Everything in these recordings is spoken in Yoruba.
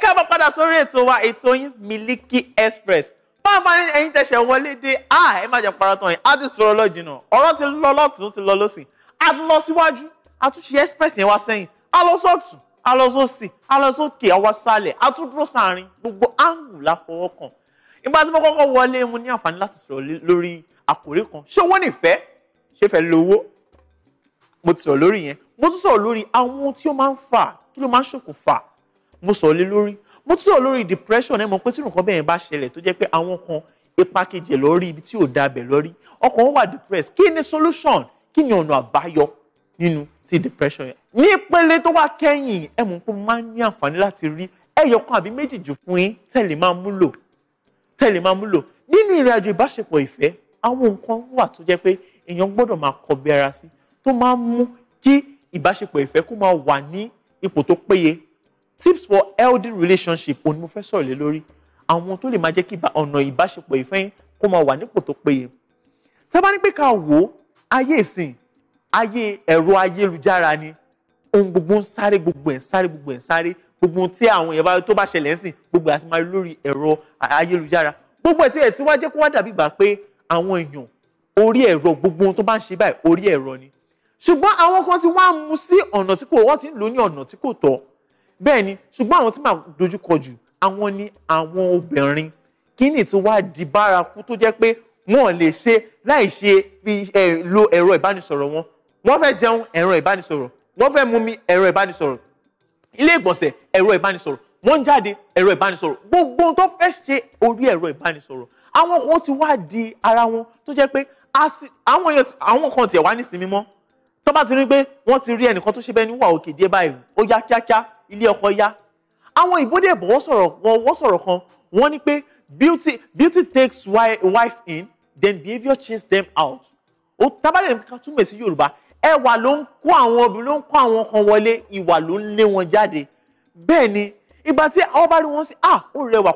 káàbọ̀ padà sórí ètò wa ètò yín Miliki Express báwo máa ní ẹ̀yin tẹ̀sẹ̀ wọlé dé a ẹ má jẹ́ parọ́ tán yìí á ti sọ̀rọ̀ lọ́jìnà ọ̀rọ̀ ti lọ lọ́tún ti lọ lọ́sìn a lọ síwájú a tún ṣe express yẹn wá sẹ́yìn a lọ sọ́tún a lọ sósì a lọ sókè a wá sálẹ̀ a tún dúró sáàrin gbogbo áńgù láfọwọ́ kan ìgbà tí mo kọ́kọ́ wọlé mo ní àǹfààní láti sọ̀rọ̀ lórí àkòrí kan ṣé owó nìfẹ́ ṣé fẹ́ lówó mo ti sọ̀rọ̀ lórí yẹn mo tún sọ̀rọ̀ lórí àwọn ohun tí ó máa ń fà kí ló máa ń ṣokùnfà mo sọ̀rọ̀ lé lórí mo tún sọ̀rọ̀ lórí depression ẹ mọ̀ pé tí nǹkan bẹ́ẹ̀ bá ṣẹlẹ̀ tó jẹ́ pé àwọn kan ipa kejì lórí ibi tí ò da bẹ̀ lórí ọkàn wọn wà depressed kí ni solution kí ni ọ̀nà àbáyọ nínú ti depression yẹn ní ìpele tó wá kẹ́yìn ẹ mọ̀ pé máa ń ní àǹfààní láti rí ẹyọ kan àbí méjì jù fún yín tẹ̀lé máa múlò tẹ̀lé máa múlò nínú ìrìn àjò ìbáṣepọ̀ ìfẹ́ àwọn nǹkan wà tó jẹ́ pé èèyàn gbọ́dọ̀ máa kọbi ara sí tó máa ń mú kí ìbáṣepọ̀ ìfẹ́ kó máa wà ní ipò tó péye tips for healthy relationship òun ni mo fẹ́ sọ̀rọ̀ lé lórí àwọn tó lè máa jẹ́ kí ọ̀nà ìbáṣepọ̀ ìfẹ́ yín kó máa wà nípò tó péye tá a bá ní pé ká wò ó ayé ìsìn ayé ẹ̀rọ ayélujára ni ohun gbogbo ń sáré gbogbo ẹ̀ ń sáré gbogbo ẹ̀ ń sáré gbogbo tí àwọn èèyàn tó bá ṣẹlẹ̀ ń sìn gbogbo àti máa rí lórí ẹ̀rọ ayélujára gbogbo ẹ̀ tí ẹ̀ tí wá jẹ́ kó wá dàbí ìgbà pé àwọn èèyàn orí ẹ̀rọ gbogbo tó bá ń ṣe báyìí orí ẹ̀rọ ni ṣùgbọ́n àwọn kan ti wá mú sí ọ̀nà tí kò wọ́n ti ń lò ní ọ̀nà tí kò tọ́ bẹ́ẹ̀ ni ṣùgbọ́n àwọn tí màá dojúkọ jù àwọn ni àwọn obìnrin kí ni tó wá di bárakú tó jẹ́ pé wọ́n lè ṣe láì ṣe fi lo ẹ̀rọ ìbánisọ̀rọ̀ wọn wọ́n fẹ́ jẹun ẹ̀rọ ìbánisọ̀rọ̀ wọ́n fẹ́ mumi ẹ̀rọ ìbánisọ̀rọ̀ ilé ìgbọ̀nsẹ̀ ẹ̀rọ ìbánisọ̀rọ̀ wọ́n ń jáde ẹ̀rọ ìbánisọ̀rọ̀ gbogbo tó fẹ́ ṣe orí ẹ̀rọ ìbánisọ̀rọ̀ àwọn kan ti wá di ara wọn tó jẹ́ pé àwọn kan tiẹ̀ wá nísìnyí mọ́ tó bá ti rí pé wọ́n ti rí ẹnìkan tó ṣe bẹ́ẹ̀ níwà òkè díẹ̀ báyìí ó yá kíákíá ilé ọkọ yá àwọn ìbòdè ẹ̀bọ̀ wọ́n wọ́n wọ́n kan wọ́n ní pé beauty beauty takes wife in then behaviour chase them out ó tábàlẹ̀ ká túmọ̀ sí Yorùbá ẹwà ló ń kó àwọn obìnrin ló ń kó àwọn kan wọlé ìwà ló ń lé wọn jáde bẹ́ẹ̀ ni ìgbà tí àwọn bá rí wọn sí ah ó rẹwà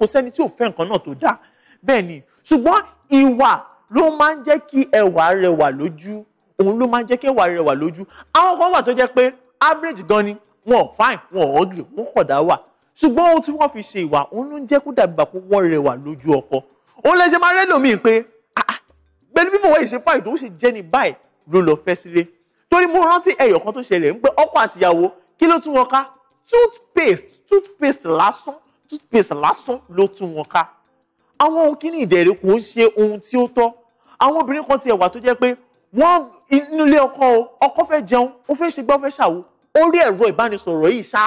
kò sẹ́ni tí ò fẹ́ nǹkan náà tó dáa bẹ́ẹ̀ ni ṣùgbọ́n ìwà ló máa ń jẹ́ kí ẹwà rẹwà lójú òun ló máa ń jẹ́ kí ẹwà rẹwà lójú àwọn kan wà tó jẹ́ pé average gan ni wọn fine wọn ugly wọn kọ̀ dá wà ṣùgbọ́n ohun tí wọ́n fi ṣe ìwà òun ló ń jẹ́ kó dàbí bàpọ̀ wọ́n rẹwà lójú ọkọ òun lè ṣe máa rẹ́ lòmíì pé pẹ̀lú bí mo wọ́n yìí ṣe fáìlì tó ṣe jẹ́ ní báyìí ló lọ fẹ́ sílé torí mo rántí ẹyọ kan tó ṣẹlẹ̀ ń pé ọkọ àtìyàwó kí ló tún wọn ká toothpaste toothpaste lásán toothpaste lásán ló tún wọn ká àwọn ohun kíní ìdẹ̀rẹ̀ kò ń ṣe ohun tí wọ́n inú ilé ọkọ o ọkọ fẹ́ jẹun ó fẹ́ ṣe gbọ́ fẹ́ ṣàwo orí ẹ̀rọ ìbánisọ̀rọ̀ yìí ṣá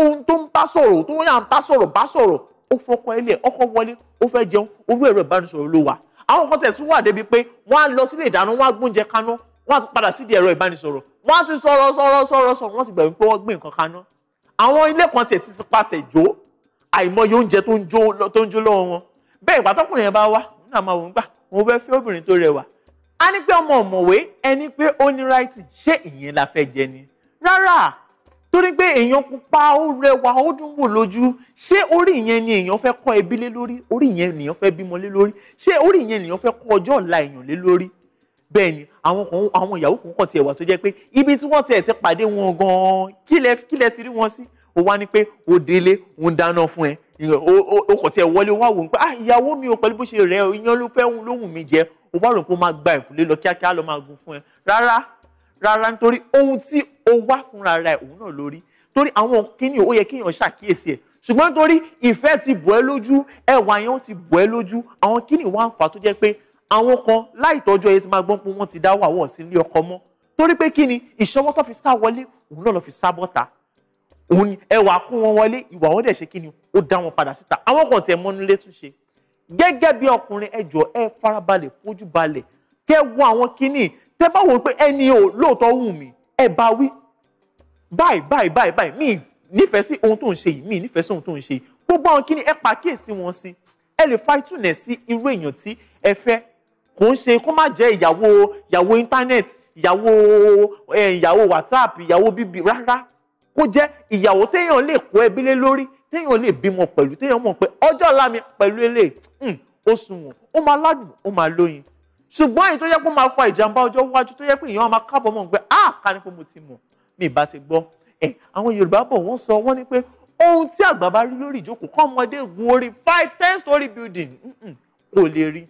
ohun tó ń bá sọ̀rọ̀ tó yà ń bá sọ̀rọ̀ bá sọ̀rọ̀ ó fọkọ ilé ọkọ wọlé ó fẹ́ jẹun orí ẹ̀rọ ìbánisọ̀rọ̀ ló wà àwọn kan tẹ̀sí wà débi pé wọ́n á lọ sílé ìdáná wọ́n á gbóúnjẹ kaná wọ́n á ti padà sídìí ẹ̀rọ ìbánisọ̀rọ̀ wọ́n á ti sọ̀rọ̀ sọ̀rọ̀ sọ̀rọ̀ sọ̀rọ̀ wọ́n ti gbàgbé pé wọ́n gbé nǹkan kaná àwọn ilé kan tẹ̀ ti pasẹ̀ jó àìmọye oúnjẹ tó ń jó lọ́wọ́ wọn bẹ́ẹ̀ ìgbà tọkùnrin yẹn bá wá nínú àmọ́ àwọn gbà wọn fẹ́ fẹ́ obìnrin tó rẹwà a ní pé ọmọ ọ̀mọ̀wé ẹni pé ó ní writing ṣé ìyẹn la fẹ́ jẹ ni rárá torí pé èèyàn pupa ó rẹwà ó dùn wò lójú ṣé orí ìyẹn ni èèyàn fẹ́ kọ́ ẹbí lé lórí orí ìyẹn ni èèyàn fẹ́ bímọ lé lórí ṣé orí ìyẹn ni èèyàn fẹ́ kọ́ ọjọ́ ọ̀la èèyàn lé lórí bẹ́ẹ̀ ni àwọn kan àwọn ìyàwó kan kàn tiẹ̀ wà tó jẹ́ pé ibi tí wọ́n tiẹ̀ ti pàdé wọn gan-an kílẹ̀ kílẹ̀ ti rí wọn sí ó wá ní pé ó délé ó ń dáná fún ẹ ó kàn tiẹ̀ wọlé ó wá wò ó pé ah ìyàwó mi ò pẹ̀lú bó ṣe rẹ̀ ìyan ló fẹ́ lóhùn mi jẹ o bá rò pé o máa gba ìkúlé lọ kíákíá lọ máa gun fún ẹ rárá rárá nítorí ohun tí o wá fúnra rẹ òun náà lórí torí àwọn kíní ó yẹ kéèyàn ṣàkíyèsí ẹ ṣùgbọ́n torí ìfẹ́ ti bọ̀ ẹ́ lójú ẹwà yẹn ti bọ̀ ẹ́ lójú àwọn kíní wá ń fà tó jẹ́ pé àwọn kan láì tọ́jú ẹyẹ ti máa gbọ́n pé wọ́n ti dá wàwọ̀ sí ilé ọkọ mọ́ torí pé kí ni ìṣọwọ́ tó fi sá wọlé òun náà lọ fi sá bọ́ta òun ẹwà kó wọn wọlé ìwà wọn dẹ̀ ṣe kí ni ó dá wọn padà síta àwọn kan tiẹ̀ mọ́nú létúnṣe gẹ́gẹ́ bí ọkùnrin ẹ jọ̀ọ́ ẹ farabalẹ̀ fojú balẹ̀ kẹ́ wo àwọn kinní tẹ́ bá wò pé ẹni o lóòótọ́ wù mí ẹ bá wí báyìí báyìí báyìí báyìí mí nífẹ̀ẹ́ sí ohun tó ń ṣe yìí mí nífẹ̀ẹ́ sí ohun tó ń ṣe yìí gbogbo àwọn kinní ẹ pàkíyèsí wọn sí ẹ lè fa ìtúnẹ̀ sí irú èèyàn tí ẹ fẹ́ kò ń ṣe kó má jẹ́ ìyàwó ìyàwó íńtánẹ́ẹ̀tì ìyàwó ìyàwó whatsapp ìyàwó bíbí rárá kó jẹ́ ìyàwó téèyàn lè kó ẹbí lé lórí téèyàn lè bímọ pẹ̀lú téèyàn mọ̀ pé ọjọ́ ọ̀la mi pẹ̀lú eléyìí ó hmm, sunwọ̀n ó máa ládùn ó máa lóyin ṣùgbọ́n èyí tó yẹ kó máa fa ìjàmbá ọjọ́ iwájú tó yẹ pé èèyàn máa kábọ̀ mọ́ pé ah ká ní pé mo ti mọ̀ mi ìbá ti gbọ́ ẹ àwọn Yorùbá bọ̀ wọ́n sọ wọ́n ní pé ohun tí àgbà bá rí lórí ìjókòó kọ́ ọmọdé gun orí five ten story building kò hmm, lè rí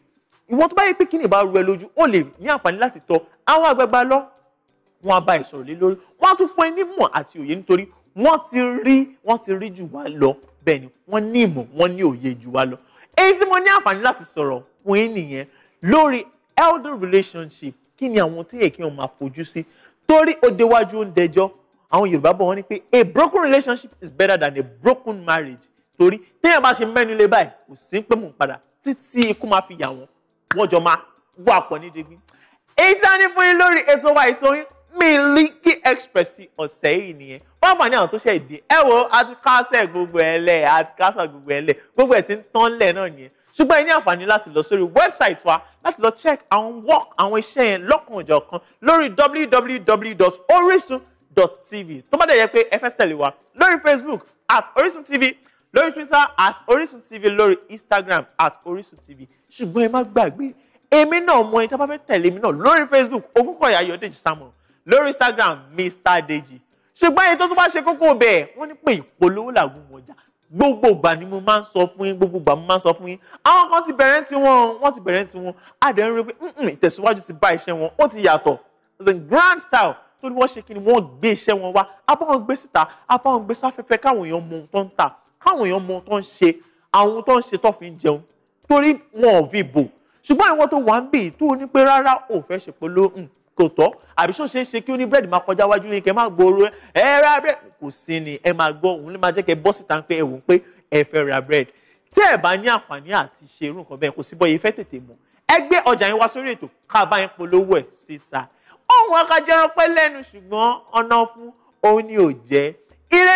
ìwọ tó bá yẹ pé kíni ìbá ru ẹ lójú ó lè ní àǹfààní láti tọ àwọn àgbààgbà lọ wọn á bá ẹ sọ̀rọ̀ lé lórí wọn á tún fún ẹ nímọ̀ àti òye nítorí wọ́n ti rí wọ́n ti rí jù wá lọ bẹ́ẹ̀ ni wọ́n ní ìmọ̀ wọ́n ní òye jù wá lọ èyí tí mo ní àǹfààní láti sọ̀rọ̀ fún yín nìyẹn lórí elder relationship kí ni àwọn tó yẹ kí wọ́n máa fojú sí torí òdewájú ó àwọn Yorùbá bọ̀ wọ́n ní pé a broken relationship is better than a broken marriage torí téèyàn bá ṣe mẹ́nu lé báyìí kò sí pé mò ń padà títí ikú máa fi yà wọ́n wọ́n jọ máa wọ́ àpọ̀ nídìí èyí tí a ní fún yín lórí ètò wa ètò Miliki Express ti ọ̀sẹ̀ yìí nìyẹn wọ́n mà ní àwọn tó ṣe ìdí ẹ wo àti kásẹ̀ gbogbo ẹ lẹ̀ àti kásẹ̀ gbogbo ẹ lẹ̀ gbogbo ẹ ti ń tán lẹ̀ náà nìyẹn ṣùgbọ́n ẹ ní àǹfààní láti lọ sórí wẹ́bsáìtì wa láti lọ check àwọn work àwọn iṣẹ́ yẹn lọ́kan òjọ̀kan lórí www.orisun.tv tó bá dẹ̀ yẹ pé ẹ fẹ́ tẹ̀lé wa lórí Facebook at Orisun TV lórí Twitter at Orisun TV lórí Instagram at Orisun TV ṣùgbọ́n ẹ má gbàgbé èmi náà mọ ẹni tí a bá fẹ́ tẹ̀lé mi náà lórí Facebook Ògúnkọ̀yà Ayọ̀dèjì Samuel lórí Instagram Mr Deji ṣùgbọ́n èyí tó tún wá ṣe kókó bẹ́ẹ̀ wọ́n ní pé ìpolówó làwọn ọjà gbogbo ìgbà ni mo máa ń sọ fún yín gbogbo ìgbà mo máa ń sọ fún yín àwọn kan ti bẹ̀rẹ̀ tí wọ́n wọ́n ti bẹ̀rẹ̀ tí wọ́n á dẹ̀ ń rí pé ìtẹ̀síwájú ti bá iṣẹ́ wọn ó ti yàtọ̀ it's a grand style tó ní wọ́n ṣe kí ni wọ́n gbé iṣẹ́ wọn wá abáwọn gbé síta abáwọn gbé sáfẹ́fẹ́ káwọn èèyàn mọ ohun tó ń tà káwọn èèyàn mọ ohun tó ń ṣe àwọn tó ń ṣe tó fi ń jẹun torí wọn ò fi bò ṣùgbọ́n kò tọ́ àbí ṣó ṣeé ṣe kí ó ní búrẹ́dì máa kọjá wájú ní kẹ́ máa gbòòrò ẹ ra búrẹ́dì kò sí ni ẹ máa gbọ́ òun ló máa jẹ́ kẹ́ bọ́ síta pé ẹ wò ó pé ẹ fẹ́ ra búrẹ́dì tẹ́ ẹ bá ní àǹfààní àti ṣe irú nǹkan bẹ́ẹ̀ kò sí bọ́ yìí fẹ́ tètè mọ̀ ẹ gbé ọjà yín wá sórí ètò ká bá yín polówó ẹ̀ síta ohun akajẹran pẹ́ lẹ́nu ṣùgbọ́n ọ̀nà fún òun ni ò jẹ́ ilé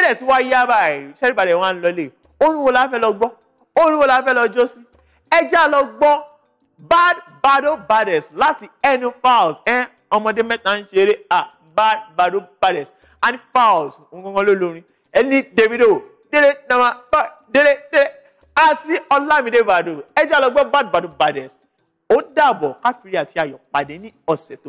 bad bado baddest láti ẹnu files ẹ ọmọdé mẹ́ta ń ṣeré à bad badu baddest and fowls nǹkan ló lórin ẹni Davido délé nama bá délé délé àti Ọlámídé Bàdó ẹ jẹ́ á lọ gbọ́ bad badu palace. ó dàbọ̀ káfíńrì àti ayọ̀ pàdé ní ọ̀sẹ̀ tó